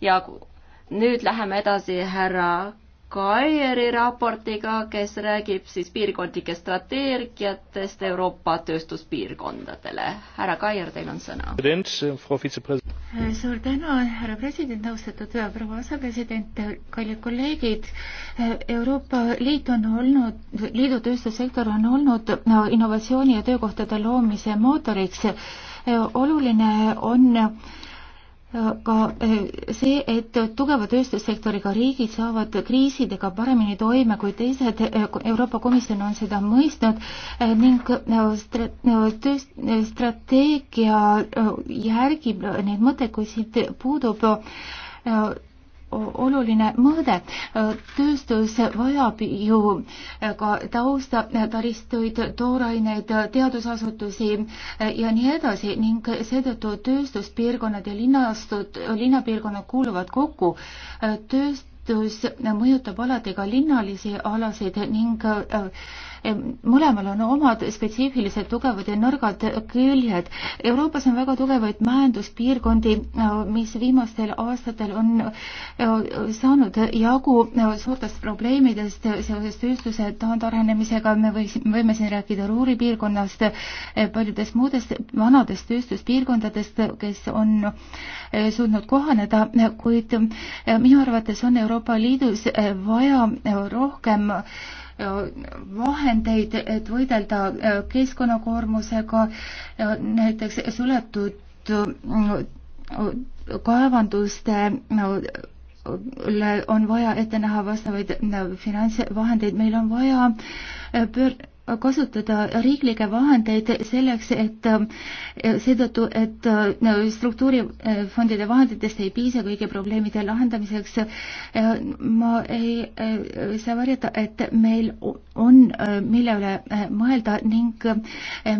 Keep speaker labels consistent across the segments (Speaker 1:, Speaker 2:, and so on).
Speaker 1: ja nüüd läheme edasi härra Kairi raportiga, kes räägib siis piirkondlikest strateegiatest Euroopa tööstuspiirkondadele. härra Kair, teil on sõna.
Speaker 2: suur tänu, härra president, austatud proua asepresident, kallid kolleegid. Euroopa Liit on olnud, liidu tööstussektor on olnud no, innovatsiooni ja töökohtade loomise mootoriks. oluline on ka eh, see, et tugeva tööstussektoriga riigid saavad kriisidega paremini toime kui teised, eh, Euroopa Komisjon on seda mõistnud eh, ning strateegia järgib neid mõtteid, kui siit puudub oluline mõõde. tööstus vajab ju ka tausta, taristuid, tooraineid, teadusasutusi ja nii edasi ning seetõttu tööstuspiirkonnad ja linnastud, linnapiirkonnad kuuluvad kokku. tööst-, tööstus mõjutab alati ka linnalisi alasid ning äh, mõlemal on omad spetsiifilised tugevad ja nõrgad küljed. Euroopas on väga tugevaid majanduspiirkondi, äh, mis viimastel aastatel on äh, saanud jagu suurtest probleemidest seoses tööstuse taandarenemisega, me võiksime, võime siin rääkida Ruuri piirkonnast, paljudest muudest vanadest tööstuspiirkondadest, kes on suutnud kohaneda, kuid minu arvates on Euroopa Euroopa Liidus eh, vaja eh, rohkem eh, vahendeid, et võidelda keskkonnakoormusega, näiteks suletud kaevanduste on vaja ette näha vastavaid finantsvahendeid, meil on vaja pöör-, kasutada riiklikke vahendeid selleks, et eh, seetõttu, et eh, struktuurifondide vahenditest ei piisa kõigi probleemide lahendamiseks. Eh, ma ei saa varjata, et meil on, mille üle mõelda ning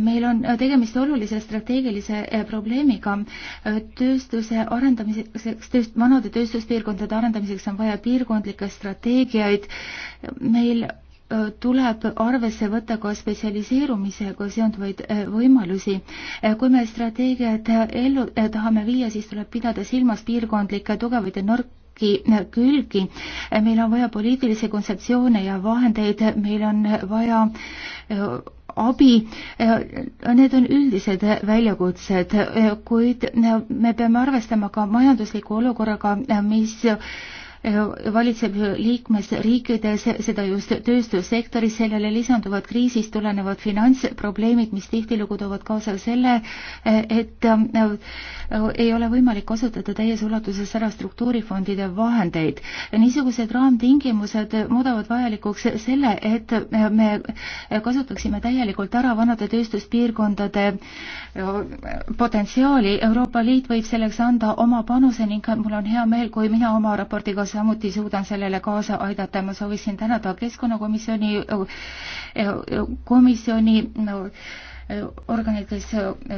Speaker 2: meil on tegemist olulise strateegilise probleemiga. tööstuse arendamiseks, tööst-, vanade tööstuspiirkondade arendamiseks on vaja piirkondlikke strateegiaid. meil tuleb arvesse võtta ka spetsialiseerumisega seonduvaid eh, võimalusi. Eh, kui me strateegiat eh, ellu tahame viia, siis tuleb pidada silmas piirkondlikke tugevaid ja nõrki külgi. meil on vaja poliitilisi kontseptsioone ja vahendeid, meil on vaja abi, need on üldised väljakutsed, kuid me peame arvestama ka majandusliku olukorraga, mis Äh, valitseb liikmesriikides, seda just tööstussektoris, sellele lisanduvad kriisist tulenevad finantsprobleemid, mis tihtilugu toovad kaasa selle, äh, et äh, ei ole võimalik kasutada täies ulatuses ära struktuurifondide vahendeid. niisugused raamtingimused muudavad vajalikuks selle, et me kasutaksime täielikult ära vanade tööstuspiirkondade potentsiaali, Euroopa Liit võib selleks anda oma panuse ning mul on hea meel, kui mina oma raportiga samuti suudan sellele kaasa aidata. ma sooviksin tänada Keskkonnakomisjoni, äh, äh, komisjoni äh, organid, kes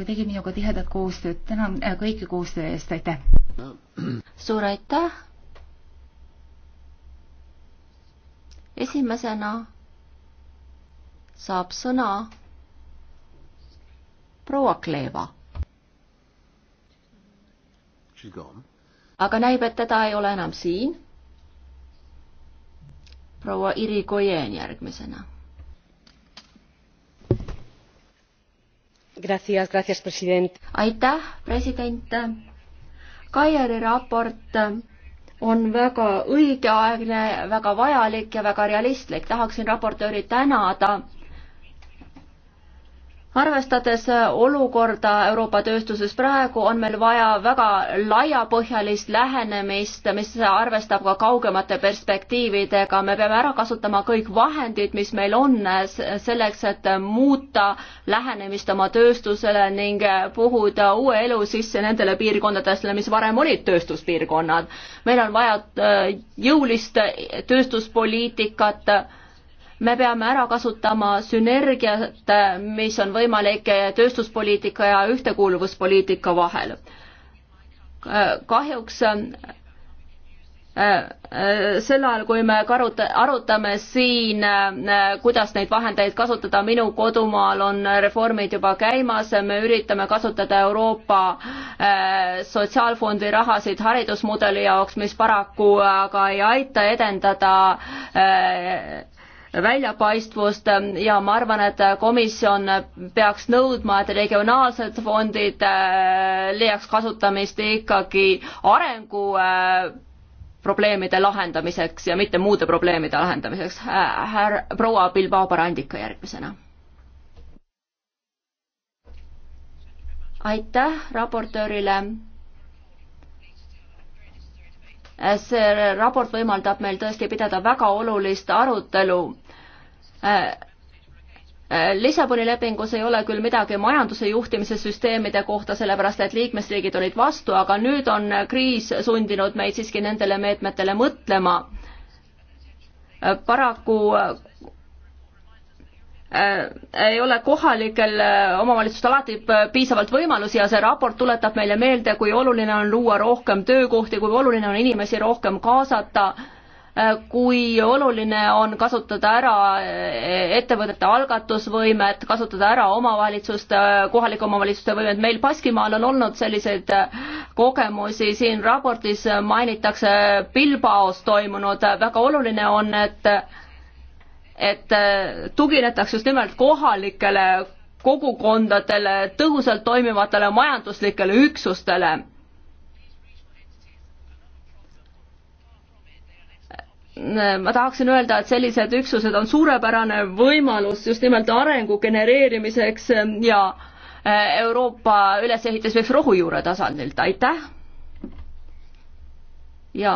Speaker 2: tegi minuga tihedat koostööd. tänan kõiki koostöö eest, aitäh! suur aitäh!
Speaker 1: esimesena saab sõna proua Kleeva. aga näib, et teda ei ole enam siin proua Iri Kojen järgmisena. aitäh, president. Kaieri raport on väga õigeaegne, väga vajalik ja väga realistlik. tahaksin raportööri tänada arvestades äh, olukorda Euroopa tööstuses praegu, on meil vaja väga laiapõhjalist lähenemist, mis arvestab ka kaugemate perspektiividega. me peame ära kasutama kõik vahendid, mis meil on äh, selleks, et äh, muuta lähenemist oma tööstusele ning puhuda uue elu sisse nendele piirkondadele, mis varem olid tööstuspiirkonnad. meil on vaja jõulist tööstuspoliitikat me peame ära kasutama sünergiat, äh, mis on võimalik tööstuspoliitika ja ühtekuuluvuspoliitika vahel. Äh, kahjuks äh, sel ajal, kui me karuta-, arutame siin, kuidas neid vahendeid kasutada, minu kodumaal on reformid juba käimas, me üritame kasutada Euroopa Sotsiaalfondi rahasid haridusmudeli jaoks, mis paraku aga ei aita edendada väljapaistvust ja ma arvan, et komisjon peaks nõudma, et regionaalsed fondid äh, leiaks kasutamist ikkagi arengu äh, probleemide lahendamiseks ja mitte muude probleemide lahendamiseks. Äh, härra, proua Bilbao Barandika järgmisena. aitäh raportöörile see raport võimaldab meil tõesti pidada väga olulist arutelu Äh, äh, Lissaboni lepingus ei ole küll midagi majanduse juhtimise süsteemide kohta, sellepärast et liikmesriigid olid vastu, aga nüüd on kriis sundinud meid siiski nendele meetmetele mõtlema. Äh, paraku ei ole kohalikel omavalitsustel alati piisavalt võimalusi ja see raport tuletab meile meelde, kui oluline on luua rohkem töökohti, kui oluline on inimesi rohkem kaasata Äh, kui oluline on kasutada ära äh, ettevõtete algatusvõimet, kasutada ära omavalitsuste, kohalike omavalitsuste võimet, meil Baskimaal on olnud selliseid äh, kogemusi, siin raportis mainitakse Bilbaos toimunud, väga oluline on, et et tuginetakse just nimelt kohalikele kogukondadele, tõhusalt toimivatele majanduslikele üksustele ma tahaksin öelda, et sellised üksused on suurepärane võimalus just nimelt arengu genereerimiseks ja äh, Euroopa ülesehitamiseks rohujuure tasandilt, aitäh! ja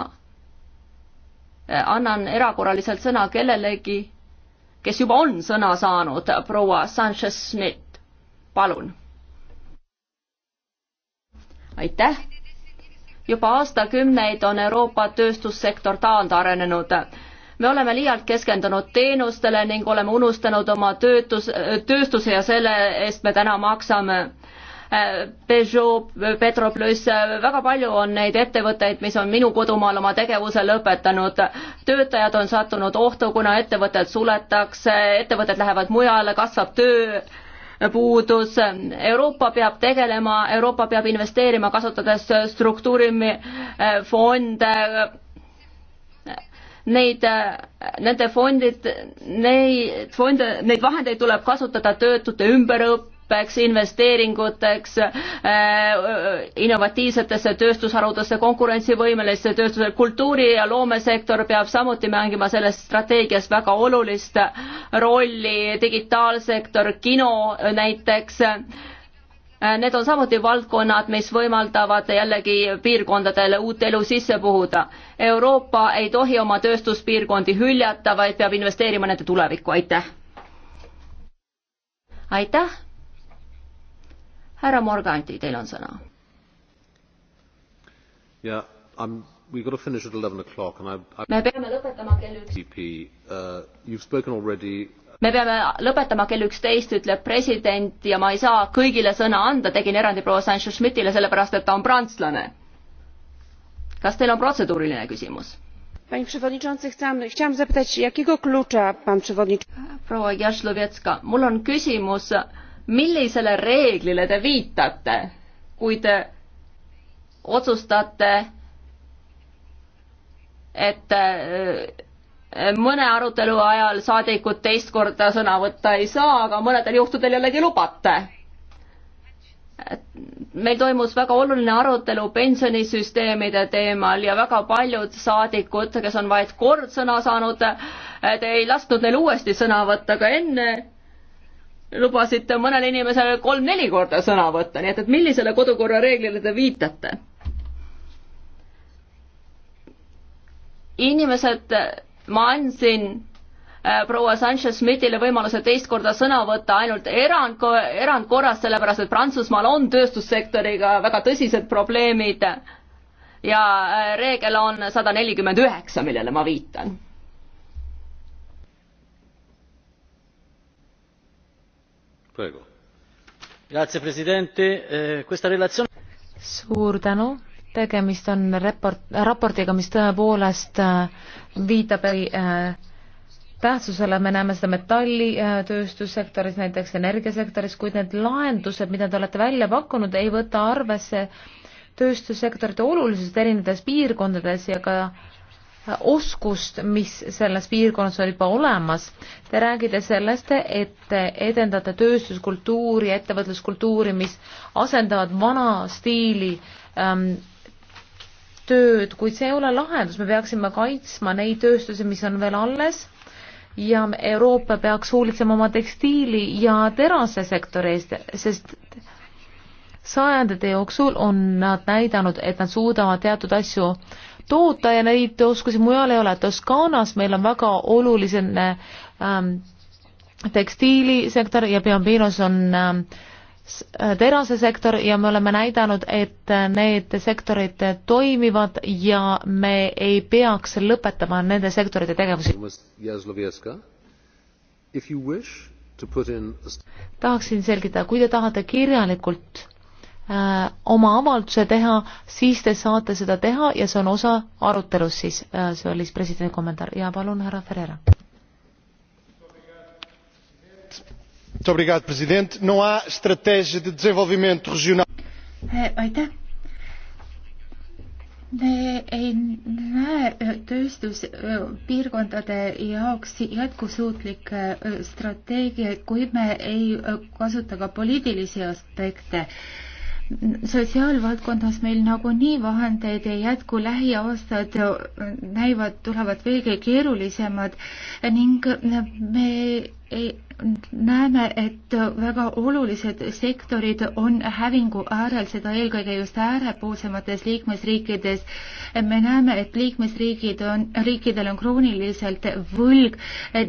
Speaker 1: äh, annan erakorraliselt sõna kellelegi, kes juba on sõna saanud, proua Sanchez-Smith, palun. aitäh juba aastakümneid on Euroopa tööstussektor taandarenenud. me oleme liialt keskendunud teenustele ning oleme unustanud oma töötus, tööstuse ja selle eest me täna maksame. Peugeot, Petroplus, väga palju on neid ettevõtteid, mis on minu kodumaal oma tegevuse lõpetanud. töötajad on sattunud ohtu, kuna ettevõtted suletakse, ettevõtted lähevad mujale, kasvab töö puudus. Euroopa peab tegelema, Euroopa peab investeerima, kasutades struktuurifonde, neid, nende fondid, neid fonde, neid vahendeid tuleb kasutada töötute ümberõppe õppeks, investeeringuteks, äh, innovatiivsetesse tööstusharudesse, konkurentsivõimelisse tööstusele, kultuuri- ja loomesektor peab samuti mängima selles strateegias väga olulist rolli, digitaalsektor, kino näiteks äh, Need on samuti valdkonnad, mis võimaldavad jällegi piirkondadele uut elu sisse puhuda. Euroopa ei tohi oma tööstuspiirkondi hüljata, vaid peab investeerima nende tulevikku, aitäh! aitäh! härra Morganti, teil on sõna.
Speaker 3: Yeah, I'm we've got to finish at 11 o'clock and I, I me peame lõpetama kell üks uh, you've spoken already
Speaker 1: uh, me peame lõpetama kell üksteist, ütleb president ja ma ei saa kõigile sõna anda, tegin erandi proua Sanchez-Schmidtile sellepärast, et ta on prantslane. kas teil on protseduuriline küsimus? proua Jašlovetska, mul on küsimus millisele reeglile te viitate, kui te otsustate, et äh, mõne arutelu ajal saadikud teist korda sõna võtta ei saa, aga mõnedel juhtudel jällegi lubate meil toimus väga oluline arutelu pensionisüsteemide teemal ja väga paljud saadikud, kes on vaid kord sõna saanud, te ei lasknud neil uuesti sõna võtta, aga enne lubasite mõnele inimesele kolm-neli korda sõna võtta, nii et, et millisele kodukorra reeglile te viitate? inimesed, ma andsin äh, proua Sanchez-Smithile võimaluse teist korda sõna võtta ainult erand, erandkorras, sellepärast et Prantsusmaal on tööstussektoriga väga tõsised probleemid ja äh, reegel on sada nelikümmend üheksa, millele ma viitan
Speaker 3: Eh, Relatsioon... suur tänu, tegemist on raport, raportiga, mis tõepoolest äh, viitab äh, tähtsusele, me näeme seda metallitööstussektoris, äh, näiteks energiasektoris, kuid need lahendused, mida te olete välja pakkunud, ei võta arvesse tööstussektorite olulisust erinevates piirkondades ja ka äh, oskust, mis selles piirkonnas on juba olemas. Te räägite sellest, et edendate tööstuskultuuri, ettevõtluskultuuri, mis asendavad vana stiili ähm, tööd, kuid see ei ole lahendus, me peaksime kaitsma neid tööstusi, mis on veel alles ja Euroopa peaks hoolitsema oma tekstiili ja terasesektori eest, sest sajandite jooksul on nad näidanud, et nad suudavad teatud asju toota ja neid oskusi mujal ei ole. Toskaanas meil on väga oluline ähm, tekstiilisektor ja Piombinus on ähm, äh, terasesektor ja me oleme näidanud, et äh, need sektorid toimivad ja me ei peaks lõpetama nende sektorite tegevusi. tahaksin selgitada, kui te tahate kirjalikult Äh, oma avalduse teha, siis te saate seda teha ja see on osa arutelust siis, äh, see oli siis presidendi kommentaar ja palun, härra Ferreira.
Speaker 2: Eh, aitäh. me ei näe eh, tööstuspiirkondade eh, jaoks jätkusuutlikke strateegiaid, kui me ei kasuta ka poliitilisi aspekte sotsiaalvaldkonnas meil nagunii vahendeid ei jätku, lähiaastad näivad, tulevad veelgi keerulisemad ning me ei, näeme, et väga olulised sektorid on hävingu äärel, seda eelkõige just äärepoolsemates liikmesriikides. me näeme, et liikmesriigid on, riikidel on krooniliselt võlg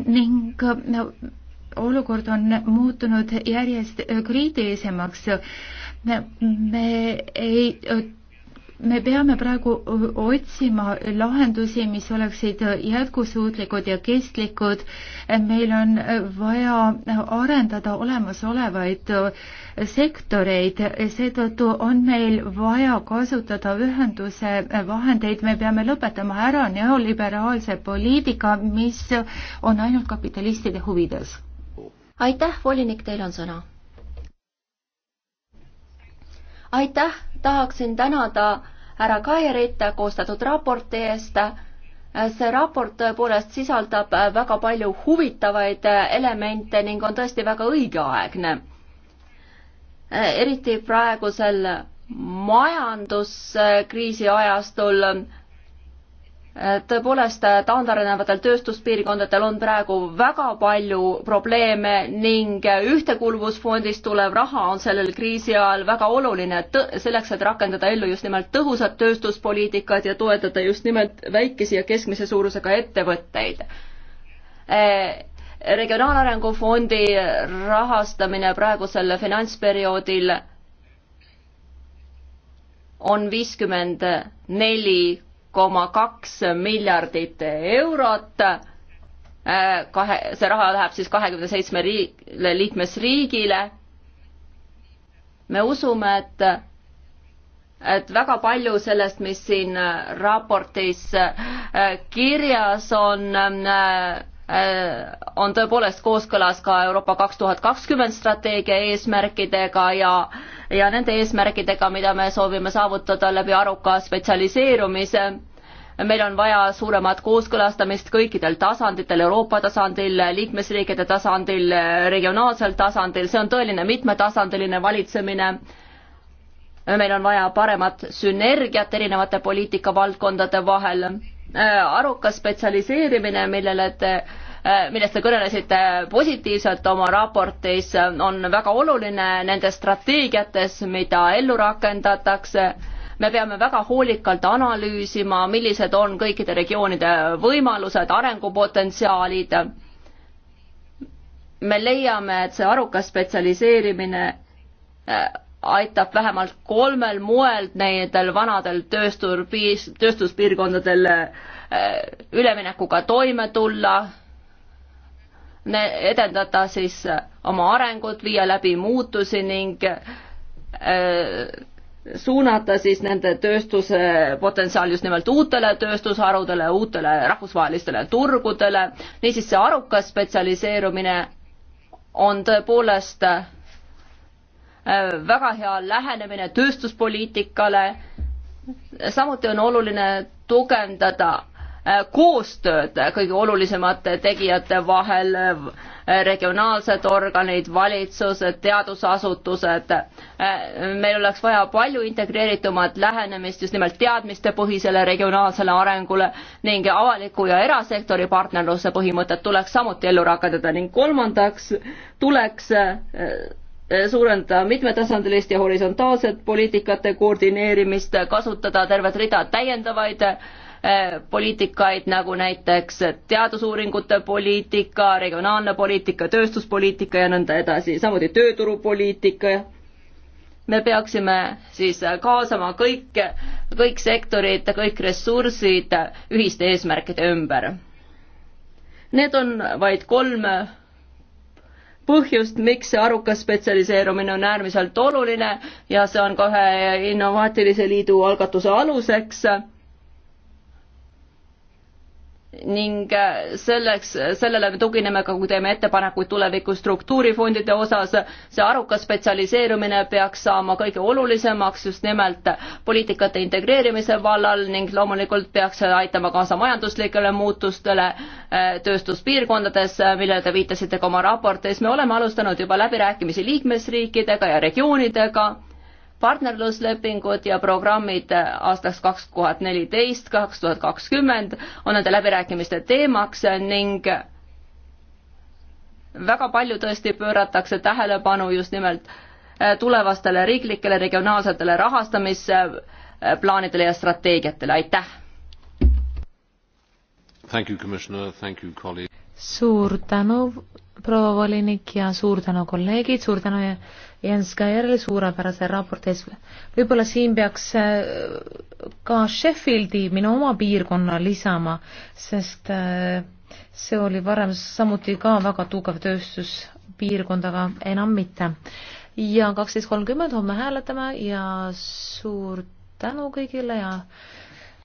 Speaker 2: ning olukord on muutunud järjest kriitilisemaks me ei me peame praegu otsima lahendusi, mis oleksid jätkusuutlikud ja kestlikud. meil on vaja arendada olemasolevaid sektoreid, seetõttu on meil vaja kasutada ühenduse vahendeid, me peame lõpetama ära neoliberaalse poliitika, mis on ainult kapitalistide huvides.
Speaker 1: aitäh, volinik, teil on sõna aitäh, tahaksin tänada härra Kaerit koostatud raporti eest. see raport tõepoolest sisaldab väga palju huvitavaid elemente ning on tõesti väga õigeaegne. eriti praegusel majanduskriisi ajastul tõepoolest, taandarenevatel tööstuspiirkondadel on praegu väga palju probleeme ning Ühtekuuluvusfondist tulev raha on sellel kriisi ajal väga oluline selleks, et rakendada ellu just nimelt tõhusat tööstuspoliitikat ja toetada just nimelt väikese ja keskmise suurusega ettevõtteid eh, regionaalarengu fondi rahastamine praegusel finantsperioodil on viiskümmend neli koma kaks miljardit eurot. kahe, see raha läheb siis kahekümne seitsme riigile, liikmesriigile. me usume, et, et väga palju sellest, mis siin raportis eh, kirjas on äh,, Äh, on tõepoolest kooskõlas ka Euroopa kaks tuhat kakskümmend strateegia eesmärkidega ja, ja nende eesmärkidega, mida me soovime saavutada läbi aruka spetsialiseerumise. meil on vaja suuremat kooskõlastamist kõikidel tasanditel, Euroopa tasandil, liikmesriikide tasandil, regionaalsel tasandil, see on tõeline mitmetasandiline valitsemine meil on vaja paremat sünergiat erinevate poliitikavaldkondade vahel Äh, arukas spetsialiseerimine, millele te, äh, millest te kõnelesite positiivselt oma raportis, on väga oluline nendes strateegiates, mida ellu rakendatakse. me peame väga hoolikalt analüüsima, millised on kõikide regioonide võimalused, arengupotentsiaalid. me leiame, et see arukas spetsialiseerimine äh, aitab vähemalt kolmel moel nendel vanadel töösturpiis, tööstuspiirkondadel äh, üleminekuga toime tulla, edendada siis äh, oma arengut, viia läbi muutusi ning äh, suunata siis nende tööstuse potentsiaal just nimelt uutele tööstusharudele, uutele rahvusvahelistele turgudele. niisiis see arukas spetsialiseerumine on tõepoolest Äh, väga hea lähenemine tööstuspoliitikale. samuti on oluline tugevdada äh, koostööd kõige olulisemate tegijate vahel, äh, regionaalsed organid, valitsused, teadusasutused. meil oleks vaja palju integreeritumat lähenemist just nimelt teadmistepõhisele regionaalsele arengule ning avaliku ja erasektori partnerluse põhimõtet tuleks samuti ellu rakendada ning kolmandaks tuleks Äh, suurendada mitmetasandilist ja horisontaalset poliitikate koordineerimist, kasutada tervet rida täiendavaid äh, poliitikaid, nagu näiteks teadusuuringute poliitika, regionaalne poliitika, tööstuspoliitika ja nõnda edasi, samuti tööturupoliitika. me peaksime siis kaasama kõik, kõik sektorid, kõik ressursid ühiste eesmärkide ümber. Need on vaid kolm põhjust, miks see arukas spetsialiseerumine on äärmiselt oluline ja see on ka ühe innovaatilise liidu algatuse aluseks ning äh, selleks, sellele me tugineme ka, kui teeme ettepanekuid tuleviku struktuurifondide osas. see arukas spetsialiseerumine peaks saama kõige olulisemaks just nimelt poliitikate integreerimise vallal ning loomulikult peaks see aitama kaasa majanduslikele muutustele äh, tööstuspiirkondades, millele te viitasite ka oma raportis. me oleme alustanud juba läbirääkimisi liikmesriikidega ja regioonidega partnerluslepingud ja programmid aastaks kaks tuhat neliteist, kaks tuhat kakskümmend on nende läbirääkimiste teemaks ning väga palju tõesti pööratakse tähelepanu just nimelt äh, tulevastele riiklikele regionaalsetele rahastamisplaanidele ja strateegiatele, aitäh!
Speaker 3: suur tänu proua volinik ja suur tänu, kolleegid, suur tänu Jens Kairele suurepärase raporti eest. võib-olla siin peaks äh, ka Sheffieldi, minu oma piirkonna lisama, sest äh, see oli varem samuti ka väga tugev tööstuspiirkond, aga enam mitte. ja kaksteist kolmkümmend homme hääletame ja suur tänu kõigile ja